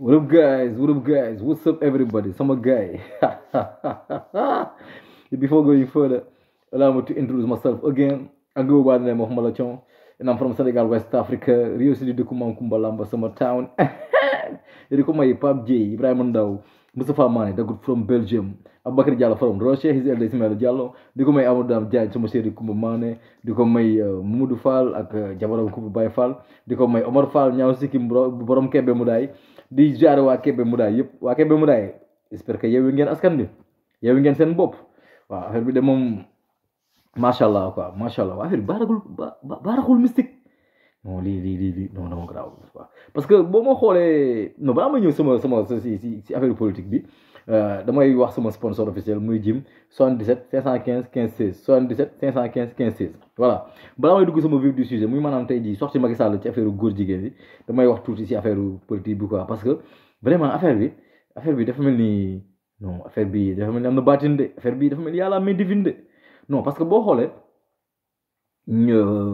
what up guys what up guys what's up everybody sama guy before going further allow me to introduce myself again ango wadane mo xamala and I'm from Senegal West Africa Rio City dëkku Mankumba Lamba town yedi ko may Pape Dieye Ibrahima Ndaw Moustapha Mané da good from Belgium Aboubacar Diallo from Roche his elder Ismaël Diallo di ko may Amadou Dame Diagne sama chéri Koumba di ko may euh, Mamadou Fall ak euh, jabaram Koumba Baye Fall di ko may Omar Fall ñaaw sikkim borom Kébé Moudaay di jaare waa Kébé Moudaay yëpp waa Kébé Moudaay j'espère que yeewu ngeen askan bi yeewu ngeen seen bopp waaw affaire bi de moom macha allah quoi non lii lii lii lii non non grave parce que boo ma xoolee non balaa ma ñëw sama sama si si si affaire politique bi damay wax sama sponsor officiel muy jim 77 515 15 16 77 515 15 16 voilà balaa may dugg sama vif du sujet muy maanaam tey jii sorti Macky Sall ci affaire góor jigéen bi damay wax tuuti si affaire politique bi quoi parce que vraiment affaire bi affaire bi dafa mel ni non affaire bi dafa mel ni am na baatin de affaire bi dafa mel ni yàlla main divine de non parce que boo xoolee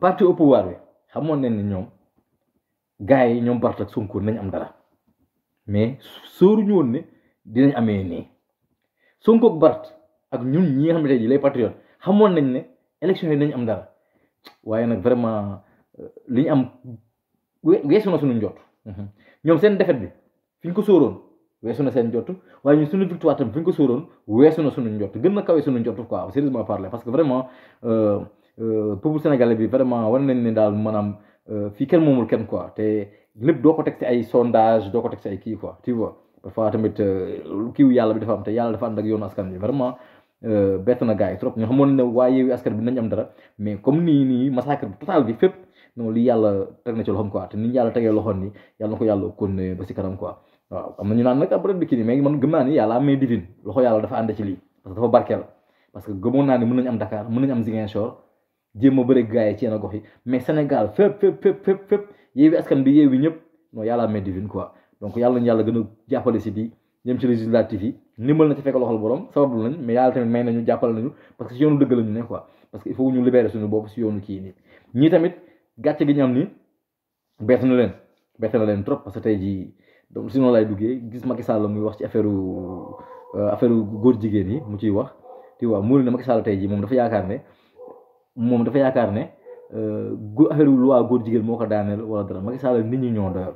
parti au pouvoir bi. xamoon nañ ne ñoom gars yi ñoom Barth ak Sonko nañ am dara mais sóoruñu woon ne dinañ amee nii Sonko ak Barth ak ñun ñi nga xamante ne les patriotes xamoon nañ ne élection nañ am dara waaye nag vraiment euh, li ñu am weesu na suñu njot mhm. ñoom seen defet bi fi ñu ko sóoroon weesu na seen njot waaye ñun suñu victoire tam fi ñu ko weesu na suñu njot gën na kawe suñu njot quoi sérieusement parler parce que vraiment euh, Euh, peuple sénégalais bi vraiment war nañ ne daal maanaam euh, fii kenn moomul kenn quoi te lépp doo ko teg ay sondage doo ko teg ay kii quoi tu vois parfois tamit euh, te yàlla am dara mais comme nii nii massacre bi total bi fépp non li yàlla teg na loxoom quoi te ni ñu naan nag après bi kii nii mais man yàlla amee divine loxo yàlla dafa ànd ci lii parce que dafa barkeel parce que gëmoon naa ni mën nañ am Dakar mën nañ am Ziguinchor jéem a bëri gars yi ci yenn gox yi mais Sénégal fépp fépp fépp fépp fépp Yewwi Askan Wi Yewwi ñëpp non yàlla main divine quoi donc yàlla nañu yàlla gën a jàppale si bii ñëm ci législatif yi ndimbal na fekk loxol borom sabablu nañ mais yàlla tamit may nañu jàppale nañu parce que si yoonu dëgg la ñu ne quoi parce que il faut ñu libérer suñu gi ñu am ni bett na leen bett na leen trop parce que tey jii donc si laay duggee gis Macky Sall muy wax ci affaire euh, affaire góor jigéen yi mu ciy wax tu vois mu ne Macky Sall tey jii moom dafa yaakaar ne moom dafa yaakaar ne euh, góor affaire loi góor jigéen moo ko daaneel wala dara Macky a nit ñi ñoo doyal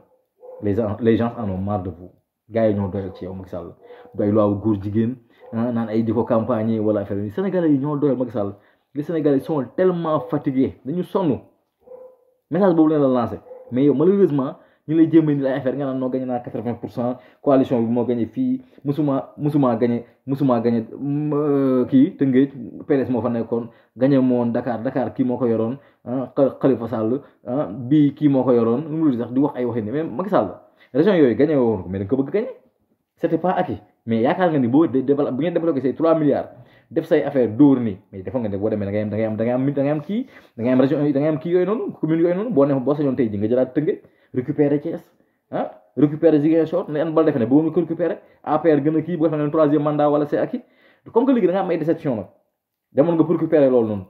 les gens les gens en ont marre de vous gars yi ñoo doyal ci yow Macky Sall du ay loi góor jigéen naan ay di ko campagne wala affaire yi Sénégalais yi ñoo doyal Macky Sall les Sénégalais sont tellement fatigués dañu sonn message boobu lañ la lancé mais yow malheureusement. ñu lay jéem a indil ay affaire nga naan noo gagné naa quatre vingt pour cent coalition bi moo gagné fii musuma musuma gagné mm, euh, kii Tëngéej PDS moo fa nekkoon gagné moon Dakar Dakar kii moo ko yoroon ah, Khalifa Sall ah, kii moo ko yoroon nu sax di wax ay waxi ne mais Macky Sall région yooyu gagné woon mais da bëgg gagné c'était pas acquis mais yaakaar nga ni boo def say affaire dóor nii kii da ngay kii yooyu noonu boo sañoon tey ji nga jëlaat Tëngéej récupérer Thiès ah récupérer Ziguinchor ne en bal defe ne boobu nga ko récupérer APR gën a kii bu nga xam ne nga am ay nag demoon nga pour récupérer loolu noonu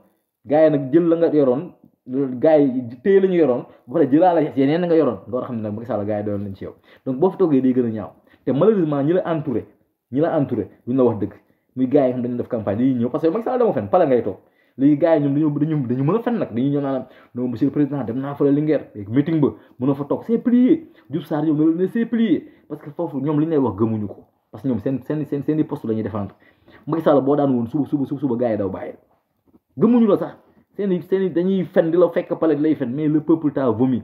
gars nag jël la yoroon gars yi téye la ñu yoroon ba pare jëlaale yeneen na yoroon nga war a xam ne nag Macky Sall gars yi doyoon nañ ci yow donc boo fi toogee day gën a ñaaw te malheureusement ñi la entouré ñi la entouré duñ wax dëgg muy gars yi xam dañu def campagne dañuy ñëw parce que Macky Sall léegi gars yi ñoom dañoo dañu dañu mën a fen nag dañuy ñëw naan non monsieur le président dem naa fële Linguère meeting ba mën a fa toog c'est plié Diouf Sarr ñoom ne c'est plié parce que foofu ñoom li ñu lay wax gëmuñu ko parce que ñoom seen seen seen seen i poste la ñuy défendre Macky Sall boo daan woon suba suba suba suba gars yi daw bàyyi gëmuñu la sax seen i seen i dañuy fen di la fekk palais lay fen mais le peuple t'a vomi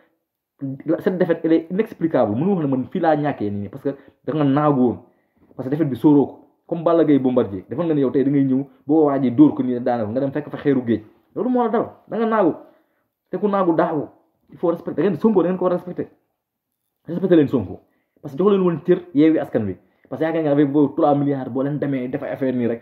cette défaite elle est inexplicable mënu wax ne man fii laa nii parce que da nga naagu woon parce que défaite bi sóoroo comme Balla Gaye bombardier dafa nga boo waajee dóor ko nii daana nga dem fekk fa xeeru da nga naagu te ku naagu daagu il faut respecter da ngeen Sonko da ngeen ko war a respecter respecter leen Sonko parce que jox leen woon cër yeewi askan wi parce que yaakaar nga avec boobu trois milliards boo leen demee dafa affaire nii rek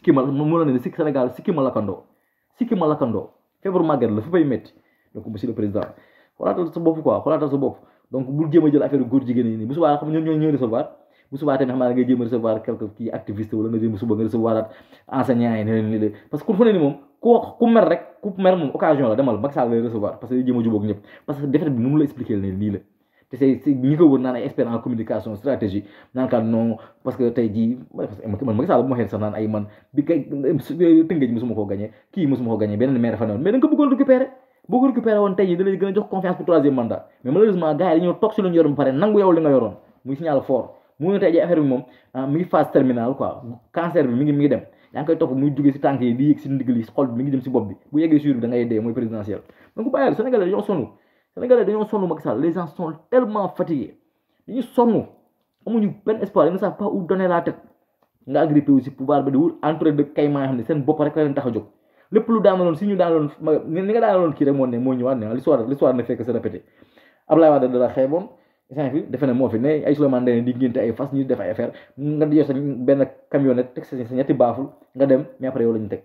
sikki ma la ne sikki Sénégal ma lakkandoo sikki ma lakkandoo la fi fay métti donc monsieur le président xoolaatal sa bopp xoolaatal sa donc bul jéem a jël affaire góor jigéen nii bu subaa xam ñoo ñooy recevoir bu subaa tamit xam naa ngay jéem quelque kii activiste wala nga jéem suba nga recevoir at enseignants yi ne parce que ku fa ni moom ku mer rek ku mer moom occasion la demal Macky Sall lay parce que jéem a jubóog ñëpp parce que défaite te say si ñi ko wër naan ay expert en communication stratégie naan kaan non parce que tey jii man ma xëy sax naan ay man bi kay tëngeej mosuma koo gagné kii ne woon mais da li nga yoroon muy signal fort mu tey jii affaire bi moom ah, mi ngi phase terminale quoi cancer bi mi ngi mi dem yaa ngi koy topp muy jógee si tànk yi di yéeg si ndigal yi bi mi ngi jëm bi bu dee mooy présidentiel donc bàyyil Sénégalais ñoo sonu Sénégalais dañoo sonn Macky Sall les gens sont tellement fatigués dañu sonn amuñu benn espoir ils ne savent pas où donner la tête nga agrippé aussi pouvoir di wut entre de caïman yoo xam ne seen bopp rek la leen tax a jóg lépp ñu daaloon ni nga daaloon kii rek moo ne moo ñëwaat ne ah, l'histoire l'histoire defe ne moo fi ne ay Souleymane Ndéné ay fas ñu def ay benn camionnette teg sa ñetti baaful nga dem mais après yow la ñu teg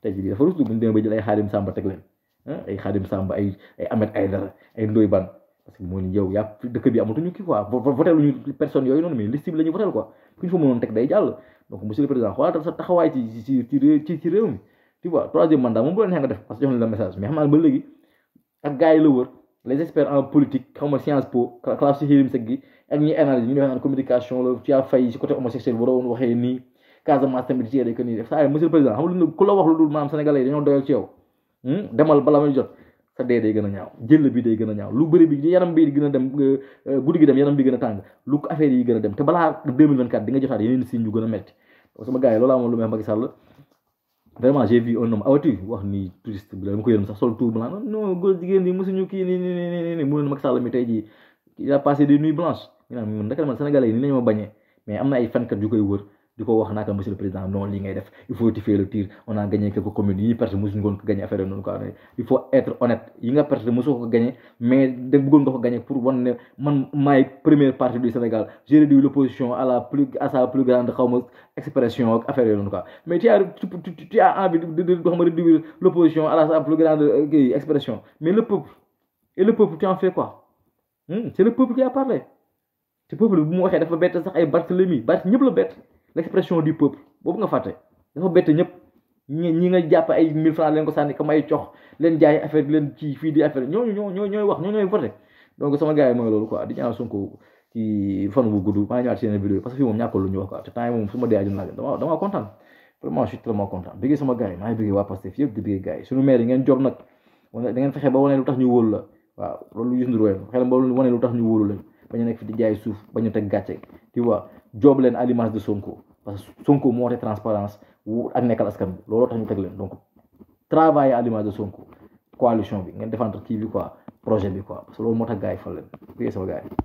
tey jii dafa rus dugg ñu dem ba jël ay xaalim sàmba teg leen Eh, ay Xaadim Samba ay ay Ahmed ay Ndoye Ban parce que mooy yow yaa dëkk bi amatuñu kii quoi voté luñu personne yooyu ñu voté quoi ku ñu fa mënoon teg day jàll donc monsieur le président xoolaatal sa taxawaay ci ci ci ci réew mi tu mandat moom bu la neexee nga def parce que jox la message mais xam ba léegi ak gars la wër les experts en politique xaw science po classe si xërim seg gi ak ñuy analyse ñu defee naan communication la ci a fay si côté homosexuel waroon waxee nii Casamance tamit ci yére que nii def Hmm? demal bala may jot sa dee day gën a ñaaw jël bi day gën a ñaaw lu bëri bi yaram bi di gën a dem euh, guddi gi dem yaram bi gën a tàng lu affaire yi gën a dem te balaa 2024 di nga jotaat yeneen signes yu gën a metti sama gars yi loolu amoon lu may ni touriste bi dama ko yërëm mi tey jii il a passé des nuits blanches ñu naan man naka la man sénégalais yi nii lañu ma bañee mais am na ay fenkat yu koy wër di ko wax naaka monsieur le président non lii ngay def il faut rectifier le tir on a gagné quelques communes yi ñu perte mosuñu ngoon ko gagné affaire noonu quoi mais da bëggoon nga l'opposition à la sa plus grande xaw ma expression ak affaire noonu quoi mais tu as tu as envie de l'opposition à la plus grande euh, expression mais le peuple et le peuple tu en fais quoi hmm, c'est le peuple qui a parlé te peuple bu mu waxee dafa bett sax ay Barthélemy Barth ñëpp l'expression du peuple boobu nga fàtte dafa bett ñëpp ñi ñi nga jàpp ay mille francs leen ko sànni comme ay cox leen jaay affaire leen ci fii di affaire ñooñu ñoo ñooy wax ñoo yi mooy ci temps su ma dee aju nag dama dama content bëggee sama gars yi maa ngi bëggee waa Pastef yëpp di bëggee gars yi suñu maire ngeen job nag da fexe ba wane lu tax ñu wóolu la bañ a fi di jaay suuf bañ a teg gàcce tu vois joob leen à l'image de Sonko parce que Sonko moo woote transparence wu ak nekkal askan bi looloo tax ñu teg leen donc travailler à l'image de Sonko coalition bi ngeen défendre kii bi quoi projet bi quoi parce que loolu moo tax gars yi leen bu sama gars